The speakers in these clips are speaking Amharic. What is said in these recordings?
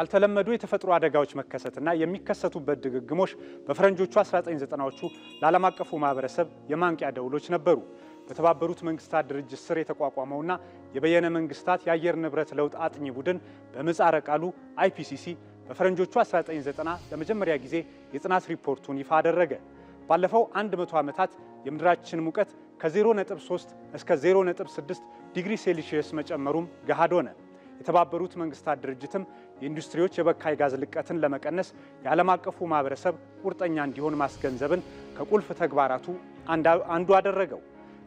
ያልተለመዱ የተፈጥሮ አደጋዎች መከሰትና የሚከሰቱበት ድግግሞሽ በፈረንጆቹ 1990ዎቹ ለዓለም አቀፉ ማህበረሰብ የማንቂያ ደውሎች ነበሩ። በተባበሩት መንግስታት ድርጅት ስር የተቋቋመውና የበየነ መንግስታት የአየር ንብረት ለውጥ አጥኚ ቡድን በምህጻረ ቃሉ አይፒሲሲ በፈረንጆቹ 1990 ለመጀመሪያ ጊዜ የጥናት ሪፖርቱን ይፋ አደረገ። ባለፈው 100 ዓመታት የምድራችን ሙቀት ከ0.3 እስከ 0.6 ዲግሪ ሴልሺየስ መጨመሩም ገሃድ ሆነ። የተባበሩት መንግስታት ድርጅትም የኢንዱስትሪዎች የበካይ ጋዝ ልቀትን ለመቀነስ የዓለም አቀፉ ማህበረሰብ ቁርጠኛ እንዲሆን ማስገንዘብን ከቁልፍ ተግባራቱ አንዱ አደረገው።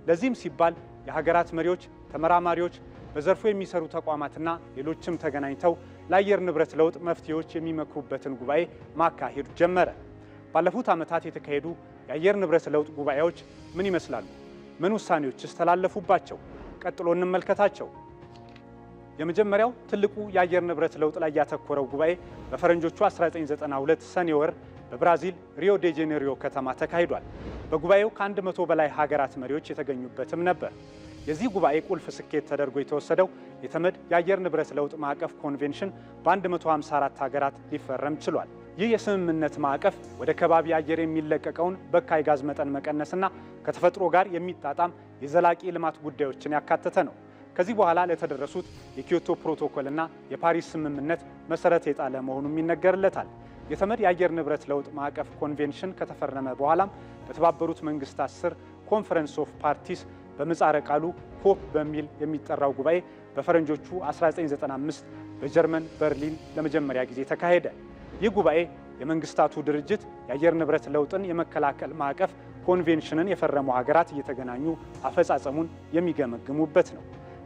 ለዚህም ሲባል የሀገራት መሪዎች፣ ተመራማሪዎች፣ በዘርፉ የሚሰሩ ተቋማትና ሌሎችም ተገናኝተው ለአየር ንብረት ለውጥ መፍትሄዎች የሚመክሩበትን ጉባኤ ማካሄድ ጀመረ። ባለፉት ዓመታት የተካሄዱ የአየር ንብረት ለውጥ ጉባኤዎች ምን ይመስላሉ? ምን ውሳኔዎችስ ተላለፉባቸው? ቀጥሎ እንመልከታቸው። የመጀመሪያው ትልቁ የአየር ንብረት ለውጥ ላይ ያተኮረው ጉባኤ በፈረንጆቹ 1992 ሰኔ ወር በብራዚል ሪዮ ዴ ጄኔሪዮ ከተማ ተካሂዷል። በጉባኤው ከ100 በላይ ሀገራት መሪዎች የተገኙበትም ነበር። የዚህ ጉባኤ ቁልፍ ስኬት ተደርጎ የተወሰደው የተመድ የአየር ንብረት ለውጥ ማዕቀፍ ኮንቬንሽን በ154 ሀገራት ሊፈረም ችሏል። ይህ የስምምነት ማዕቀፍ ወደ ከባቢ አየር የሚለቀቀውን በካይ ጋዝ መጠን መቀነስና ከተፈጥሮ ጋር የሚጣጣም የዘላቂ ልማት ጉዳዮችን ያካተተ ነው። ከዚህ በኋላ ለተደረሱት የኪዮቶ ፕሮቶኮልና የፓሪስ ስምምነት መሰረት የጣለ መሆኑም ይነገርለታል። የተመድ የአየር ንብረት ለውጥ ማዕቀፍ ኮንቬንሽን ከተፈረመ በኋላም በተባበሩት መንግስታት ስር ኮንፈረንስ ኦፍ ፓርቲስ በምህጻረ ቃሉ ኮፕ በሚል የሚጠራው ጉባኤ በፈረንጆቹ 1995 በጀርመን በርሊን ለመጀመሪያ ጊዜ ተካሄደ። ይህ ጉባኤ የመንግስታቱ ድርጅት የአየር ንብረት ለውጥን የመከላከል ማዕቀፍ ኮንቬንሽንን የፈረሙ ሀገራት እየተገናኙ አፈጻጸሙን የሚገመግሙበት ነው።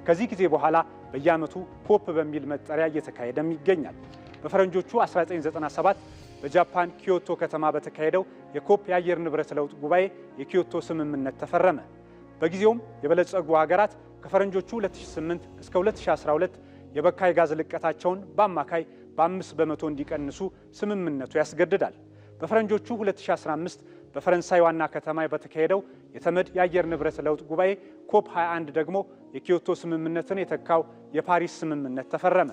ከዚህ ጊዜ በኋላ በየዓመቱ ፖፕ በሚል መጠሪያ እየተካሄደም ይገኛል። በፈረንጆቹ 1997 በጃፓን ኪዮቶ ከተማ በተካሄደው የኮፕ የአየር ንብረት ለውጥ ጉባኤ የኪዮቶ ስምምነት ተፈረመ። በጊዜውም የበለጸጉ ሀገራት ከፈረንጆቹ 2008 እስከ 2012 የበካይ ጋዝ ልቀታቸውን በአማካይ በአምስት በመቶ እንዲቀንሱ ስምምነቱ ያስገድዳል። በፈረንጆቹ 2015 በፈረንሳይ ዋና ከተማ በተካሄደው የተመድ የአየር ንብረት ለውጥ ጉባኤ ኮፕ 21 ደግሞ የኪዮቶ ስምምነትን የተካው የፓሪስ ስምምነት ተፈረመ።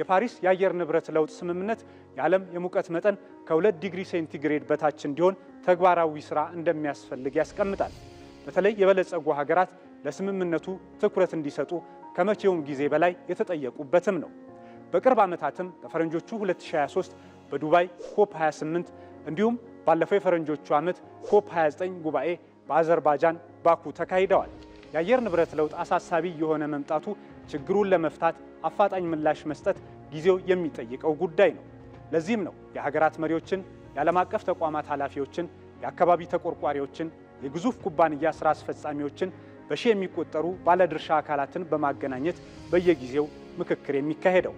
የፓሪስ የአየር ንብረት ለውጥ ስምምነት የዓለም የሙቀት መጠን ከ2 ዲግሪ ሴንቲግሬድ በታች እንዲሆን ተግባራዊ ሥራ እንደሚያስፈልግ ያስቀምጣል። በተለይ የበለጸጉ ሀገራት ለስምምነቱ ትኩረት እንዲሰጡ ከመቼውም ጊዜ በላይ የተጠየቁበትም ነው። በቅርብ ዓመታትም በፈረንጆቹ 2023 በዱባይ ኮፕ 28 እንዲሁም ባለፈው የፈረንጆቹ ዓመት ኮፕ 29 ጉባኤ በአዘርባይጃን ባኩ ተካሂደዋል። የአየር ንብረት ለውጥ አሳሳቢ የሆነ መምጣቱ ችግሩን ለመፍታት አፋጣኝ ምላሽ መስጠት ጊዜው የሚጠይቀው ጉዳይ ነው። ለዚህም ነው የሀገራት መሪዎችን፣ የዓለም አቀፍ ተቋማት ኃላፊዎችን፣ የአካባቢ ተቆርቋሪዎችን፣ የግዙፍ ኩባንያ ሥራ አስፈጻሚዎችን፣ በሺ የሚቆጠሩ ባለድርሻ አካላትን በማገናኘት በየጊዜው ምክክር የሚካሄደው።